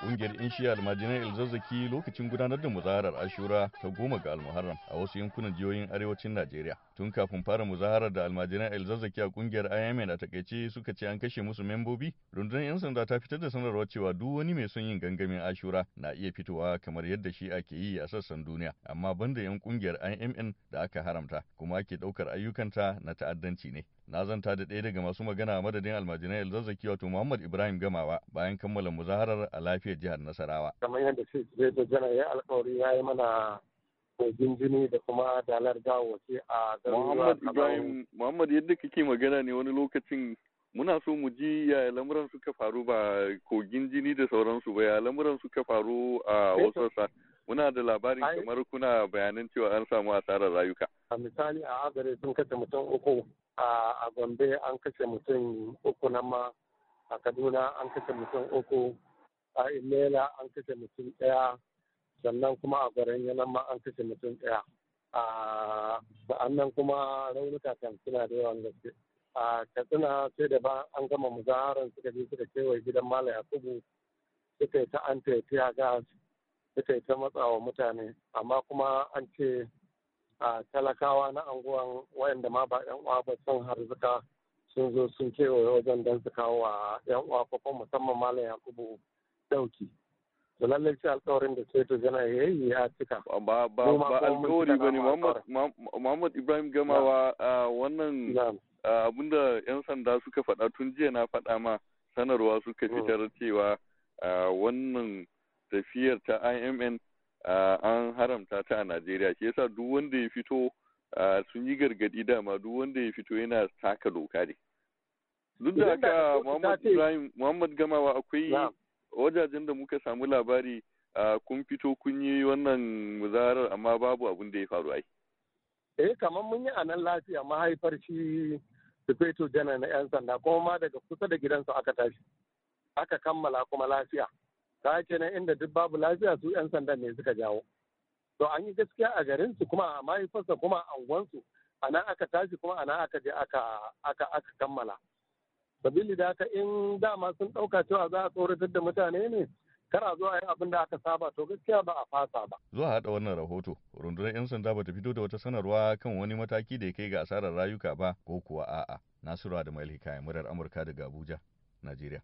Ƙungiyar inshi almajiran ilzazzaki lokacin gudanar da muzaharar ashura ta goma ga almuharram a wasu yankunan jihohin arewacin Najeriya. Tun kafin fara muzaharar da almajiran ilzazzaki a kungiyar IMN a e takaice suka ce an kashe musu membobi, rundunar 'yan sanda ta fitar da sanarwar cewa duk wani mai son yin gangamin ashura na iya fitowa kamar yadda shi ake yi a sassan duniya, amma banda 'yan ƙungiyar IMN e da aka haramta kuma ake ɗaukar ayyukanta na ta'addanci ne. na zanta da ɗaya daga masu magana madadin almajiran ilzazzaki wato Muhammad Ibrahim Gamawa bayan kammala muzaharar a lafiya lafiyar jihar Nasarawa. Kamar yadda shi Janar ya alkawari ya yi mana kogin jini da kuma dalar gawace a garin Muhammad yadda kake magana ne wani lokacin muna so mu ji ya lamuran suka faru ba kogin jini da sauransu ba ya lamuran suka faru a eh wasu muna da labarin kamar kuna bayanan cewa an samu asarar rayuka. A misali a agare sun kashe mutum uku a Gombe an kashe mutum uku nan ma a Kaduna an kashe mutum uku a imela an kashe mutum daya sannan kuma a garin yanan ma an kashe mutum daya a sa'annan kuma raunuka kan suna da yawan gaske a katsina sai da ba an gama muzaharar suka je suka gidan malam yakubu suka yi ta an tafiya gas suka yi ta matsawa mutane amma kuma an ce a talakawa na anguwan wayanda ma ba yan uwa ba sun harzuka sun zo sun kewaye wajen don su kawo wa yan uwa ko musamman malam yakubu ɗauki to lallai sai alkawarin da sai to gana ya yi ya cika ba ba alkawari ba ne muhammad ibrahim gamawa wannan abinda yan sanda suka faɗa tun jiya na faɗa ma sanarwa suka mm. fitar cewa wannan tafiyar ta imn an haramta ta a najeriya shi yasa duk wanda ya fito sun yi gargadi dama duk wanda ya fito yana taka doka ne duk da haka muhammad ibrahim muhammad gamawa akwai wajajen da muka samu labari kun fito kun yi wannan muzarar amma babu abin da ya faru ai eh kamar mun yi a nan lafiya mahaifar shi sufeto jana na 'yan sanda kuma ma daga kusa da gidansu aka tashi aka kammala kuma lafiya ta nan inda duk babu lafiya su 'yan sandan ne suka jawo to an yi gaskiya a garin su kuma a mahaifarsa kuma a anguwansu a nan aka tashi kuma a nan aka je aka aka aka kammala sabili da haka in dama sun ɗauka cewa za a tsoratar da mutane ne kar a zo a yi abin da aka saba to gaskiya ba a fasa ba. Zuwa haɗa wannan rahoto, rundunar 'yan sanda bata fito da wata sanarwa kan wani mataki da ya kai ga asarar rayuka ba ko kuwa a'a. Nasiru Adamu Alhika, murar Amurka daga Abuja, Najeriya.